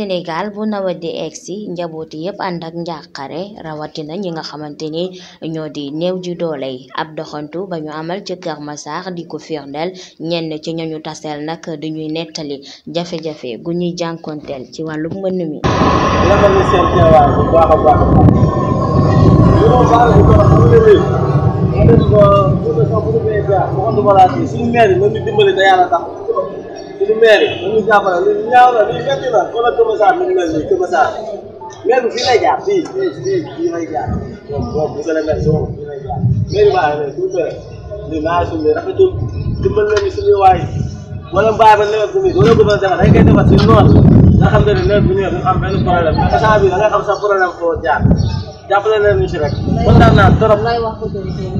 senegal bu nawet di njaboti njabooti andak ànd ak rawatina ñi nga xamante ni ñoo di néew ju doole yi ab doxantu bañu amal ci Kër Massar di ko firndeel ñenn ci ñooñu taseel nag dañuy nettali jafe-jafe gu ñuy jànkonteel ci wàllu mbënn mi suñu maire yi ñu jàppale lu ñaaw la lu métti la kon nag Kër Masar mi ngi mel nii Kër Masar maire bi fii lay jaar fii fii fii fii lay jaar boobu monsieur le maire si moom fii lay jaar maire bi baax na suñu fere ñu naa suñu rafetul dimbal nañu suñu waay wala mbaay ba nawet bu muy wala bu ma defar dañ koy defar si noor nga xam ne ne nawet bu ñëwee du am benn problème mais instant bii da nga xam sa problème foo jaar jàppale leen ñu si rek. kontaan naa trop lay wax autorité yi.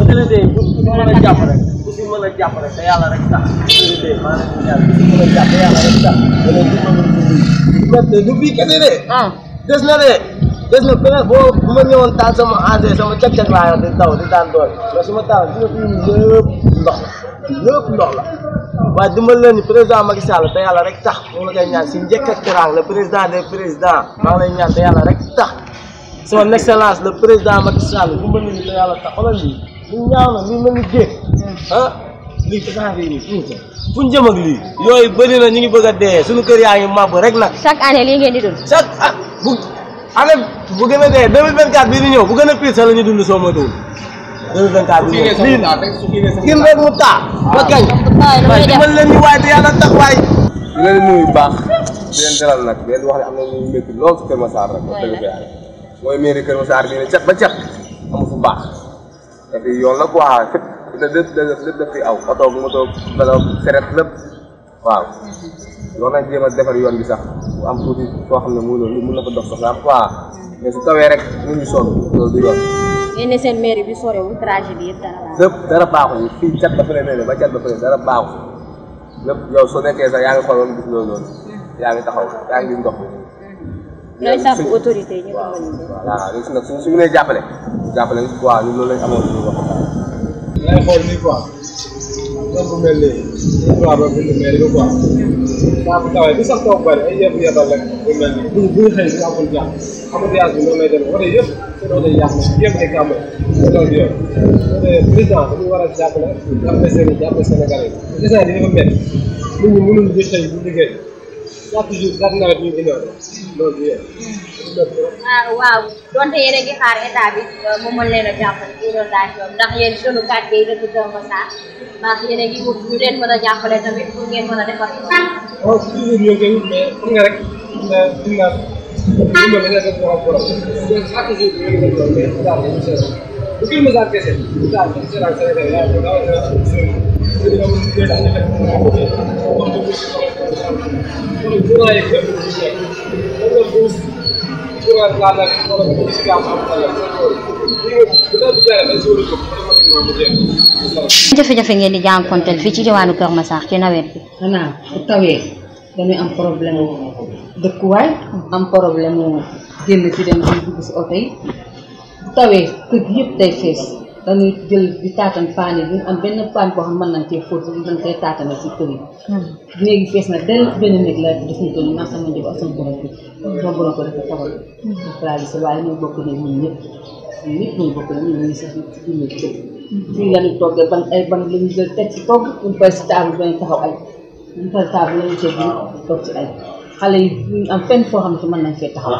autorité yi bu si mën a jàpp rek bu si mën a jàpp rek te yàlla rek tax autorité yi maanaam yàlla bu si mën a jàpp yàlla rek tax. wala bu mën a dund. du fii kese de. des na de des na beneen boo bu ma ñëwoon taal sama engrais sama càq-càq laa yor di daw di daan doole mais su ma taal dina fi lépp ndox la lépp ndox la. waaye dimbal leen ni président Macky Sall te yàlla rek tax moom la koy ñaan si njëkk ak teraanga le président des présidents maa ngi lay ñaan te yàlla rek tax. son excellence la président Macky Sall bu mel ni yàlla tax xoolal lii lu ñaaw lii mel ni géej ah lii dafa nii fu ñu jëm ak lii yooyu bëri na ñu ngi bëgg a suñu kër yaa ngi màbb rek nag chaque année lii ngeen di dund chaque ah bu année bu gën a dee 2024 bii di ñëw bu gën a piir sax la ñu dund soo moytuwul 2024 bii ñëw lii kin rek mu taa ah. ba kañ man leen ñu waaye te yàlla tax waay di leen nuyu baax di leen dalal nag di leen wax ne am na ñu métti lool si Kër wax dëgg fa yàlla mooy mairie Kër Massar bii ne cat ba cat amu fu baax te fii yoon la quoi fépp da lépp da lépp daf fi aw oto moto vélo seret lépp loolu nag jéem defar yoon bi sax bu am tuuti xam ne mu loolu mën na ko dox soxla am quoi mais su tawee rek nit ñi sonn loolu du yoon ngeen ne seen mairie bi sorewul trajet bi yëpp dara baaxul lépp dara ba fële nee ba cat ba lépp yow soo nekkee sax yaa ngi xooloon gis loolu hmm. yaa ngi taxaw yaa ngi ndox ñooy sàkk autorité yi ñu dimbali ñu. voilà léegi nag suñu suñu nee jàppale jàppale waaw ñun loolu lañ amoon suñu wax. yaa xool nii quoi loolu a jàppale chaque jour chaque nawet ñu ngi noonu loolu yëpp. ah waaw donte yéen a ngi xaar état bi mu euh, mën leen a jàppale inondation ndax yéen sunu quartier yi dëkk Kër Massar ndax yéen a ngi wut ñu leen mën a jàppale tamit pour ngeen mën a defar. waaw toujours ñu ngi koy mais xam nga rek nga euh, fi nga dimbali nga def borom borom donc chaque jour ñu ngi doon mais état bi ñu seetlu bu Kër Massar kese état bi ñu seetlu Sénégal yaa ngi ko rawatina. Bunu jafe-jafe ngeen di jànkonteel fii ci diwaanu Kër Massar ci nawet bi. xanaa bu tawee dañuy am problème dëkkuwaay am problème génn ci dem ci dugg si oto yi bu tawee kër yëpp day fees. dañuy jël di taatan paan yi duñ am benn paan boo xam mën nañ cee fóot dañ koy taatane si kër yi hmm. na del benn néeg la def ñu toll maa sama njaboot ak sama borom hmm. bi sama hmm. ay ba la ñu jël ñu toog ci ay xale yi ñu am fenn foo xam ne mën nañ fee taxaw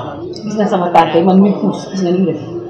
gis nga sama tànk man muy puus gis nga ni mu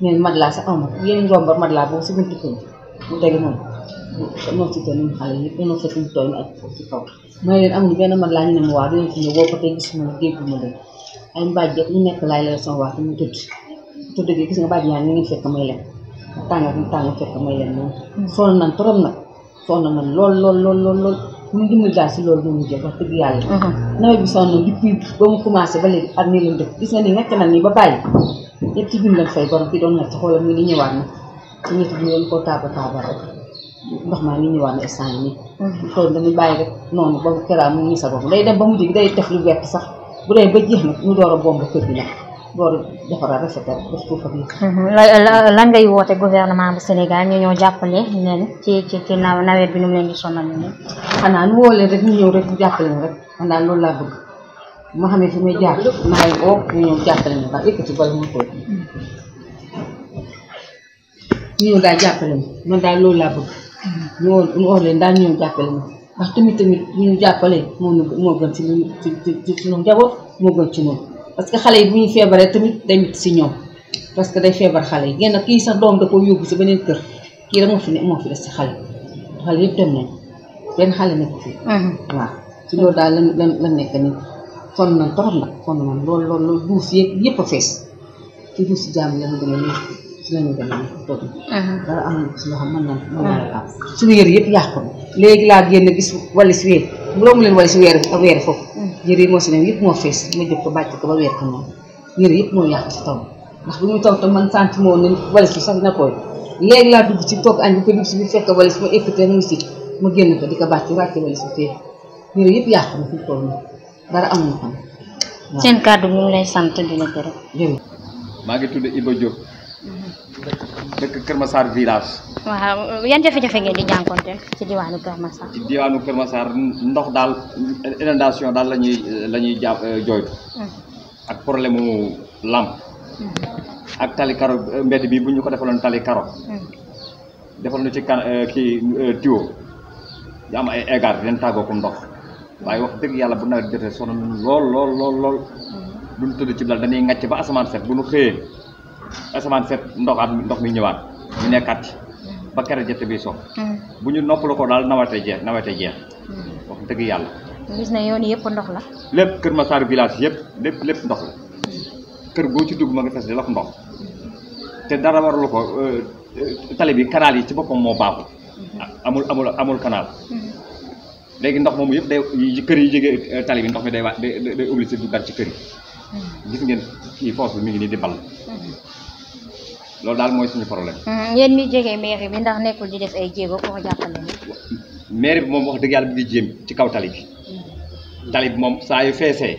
neen matelas sax amul yeneen rombar matelas boobu si buntu kër mu tege noonu noo si toon xale yëpp noo sa fiñ tooy ak ci kaw may leen amul benn matelas ñu ne ma waa dinañ fi ñëw boo ko tey gis ma dégg ma leen ay mbaaj yëpp ñu nekk laay leel sama waa te ñu tëdd tëdd gi gis nga mbaaj yaa ngi fekk may leen tànga mu tànga fekk may leen noonu hmm. sonn nañ trop nag sonn nañ lool lool lool lool lool ñu dimbali daal si loolu noonu jëf wax dëgg yàlla hmm. nawet bi sonn depuis ba mu commencé ba léegi ak nii leen def gis nga ni nekk na nii ba bàyyi ñetti junni lañ fay borom ki doon ñett xoolal mi ni ñëwaat na te ñetti junni maa ngi ñëwaat na instant yi bàyyi rek noonu ba keraa mu ngi sa bopp day dem ba mujj gi day def lu wett sax bu dee ba jeex nag ñu door a bomb kër gi nag door a defaraat rafetal def ko fa lan ngay woote gouvernement bu Sénégal ñu ñëw jàppale leen ci ci ci nawet bi nu mu leen di sonal ñu ne. xanaa nu woo rek ñu ñëw rek ñu jàppale rek xanaa loolu laa bëgg. ma xamee fi may jaar maa ngi jàppale ma ba yëkkati bala daal jàppale ma man daal loolu laa bëgg ñu woon ñu wax leen daal ñu jàppale ma ndax tamit tamit bu ñu jàppale moo moo gën ci lu ci moo parce que xale yi bu ñu feebaree tamit day mit si ñoom parce que day feebar xale yi génn kii sax doom da ko yóbbu si beneen kër kii rek moo fi ne moo fi des si xale xale dem nañ benn xale nekk fii waaw ci loolu daal la nekk nii sonn nañ trop nag sonn lool lool lool duuf yeeg yëpp a fees ci duuf si jaam lañu la am yëre yëpp yàqu na léegi laa génn gis wali si weer loomu leen si weer weer foofu hmm. yëre moo si yëpp moo fees ma jóg ko bàcc ko ba weer ko noonu yëre yëpp moo yàqu si taw ndax bu muy taw te man sant moo ne wali si sax na koy léegi laa dugg ci toog añ bi ko dugg si biir fekk wali si ma écouté musique ma génn ko di ko bàcc wàcce wali si fee yëre yëpp yàqu na fi toll nii dara amuñu ko. seen kàddu ñu ngi lay sant di la gërëm. maa ngi tudd Iba Diop. dëkk Kër Massar village. waaw yan jafe-jafe ngeen di jànkonteel ci ci diwaanu Kër Massar ndox daal inondation daal lañuy ñuy la ñuy euh, hmm. ak problème mu làmp. Hmm. ak tali karo euh, mbedd bi bu ñu ko defaloon tali karo. Hmm. defal ci kan euh, kii tuyau. yu ay égards leen tàggoo ko ndox. waye wax deug yalla bu nawet jotté sonu lol lol lol lol lool duñ tëdd ci dal dañuy ngacc ba asman set bu ñu xëyee asamaan set am ndox mi ñëwaat ñu nekkaat ba kere jotté bi so bu ñu noppalu ko daal nawete jeex nawete jeex wax deug yalla gis na yoon yépp ndox la lepp Kër ma Massar village yépp lepp lepp ndox la kër bo ci dugg ma nga fess di la ndox té dara war lu ko euh tali bi canal yi ci bopam mo baaxul amul amul amul canal hmm. léegi ndox moomu yëpp day kër yi jógee euh, tali bi ndox mi day waa day day obligé du duggaat ci kër yi. Hmm. gis ngeen kii foos bi mi ngi nii di ball. Hmm. loolu daal mooy suñu problème. Hmm, yéen mi jege mairie bi ndax nekkul di def ay jéego pour jàppale ni mairie moom wax dëgg yàlla bi ngi jéem ci kaw tali bi. tali bi moom saa yu feesee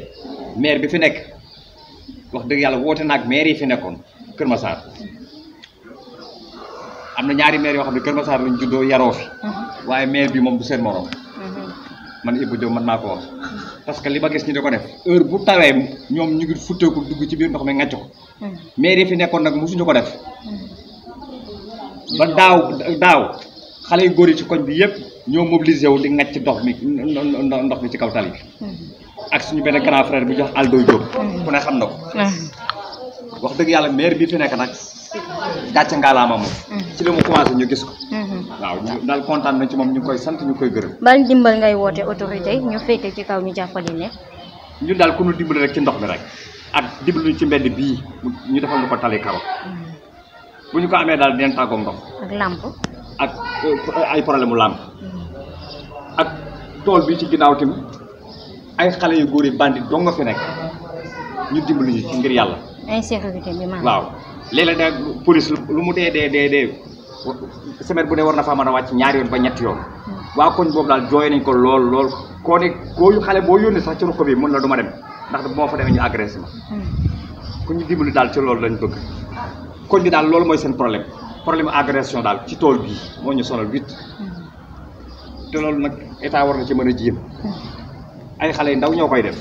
maire bi fi nekk wax dëgg yàlla woote naag maire yi fi nekkoon Kër Massar am na ñaari maire yoo xam ne Kër saar lañ juddoo yaroo fi waaye maire bi moom du seen morom. man Ibou Diop man maa ko wax li ma gis ñu di ko def heure bu tawee ñoom ñu ngi futteeku dugg ci biir ndox mi ngàcc ko hmm. maire yi fi nekkoon nag mosuñu ko def hmm. ba daaw daaw xale yu góor yi ci koñ bi yëpp ñoo mobilisé wu di ngàcc ndox mi ndox mi ci kaw tali hmm. ak suñu benn grand frère bi jox Aldo Diop ku ne xam na ko wax dëgg yàlla maire bi fi nekk nag gàcce ngaalaama moom ci la mu commencé ñu gis ko waaw ñu daal kontaan na ci moom ñu koy sant ñu koy gërëm. ban dimbal ngay woote autorité ñu féete ci kaw ñu jàppale ne. ñu daal ku ñu rek ci ndox mi rek ak dimbali ñu ci mbedd bii ñu defal ñu ko tali karo mm-hmm. bu ñu ko amee daal dinañ tàggoog ndox. ak làmp. ak euh, ay problème mu làmp. Mm-hmm. ak tool bi ci ginnaaw tamit ay xale yu góor yi bandi dong nga fi nekk ñu dimbali ñu ci ngir yàlla. insécurité bi maanaam waaw léeg-léeg police lu mu dee dee dee. semaine bu ne war na faa mën a wàcc ñaari yoon ba ñetti yoon waa koñ boobu daal jooy nañ ko lool lool koo ne kooyu xale boo yónnee sax ci ruq bi mën la du dem ndax bu ma fa demee ñu agressé ma ku ñu dimbali daal ci loolu lañ bëgg koñ di daal loolu mooy seen problème problème agression daal ci tool bi moo ñu sonal huit te loolu nag état war na ci man a jéem ay xale yu ndaw ñoo koy def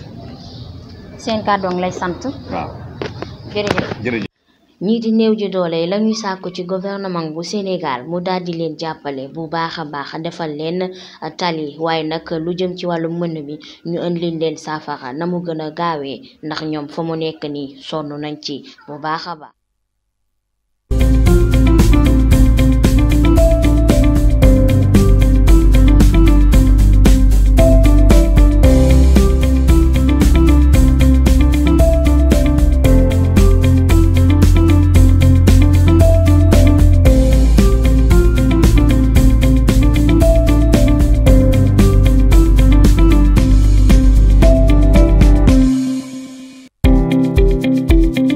seen kàddoong lay sant waaw ñii di néew ji doole yi la ñuy sàkku ci gouvernement bu Sénégal mu daal di leen jàppale bu baax a baax a defal leen tali waaye nag lu jëm ci wàllu mbënn mi ñu indi leen saafara na mu gën a gaawee ndax ñoom fa mu nekk nii sonn nañ ci bu baax a baax.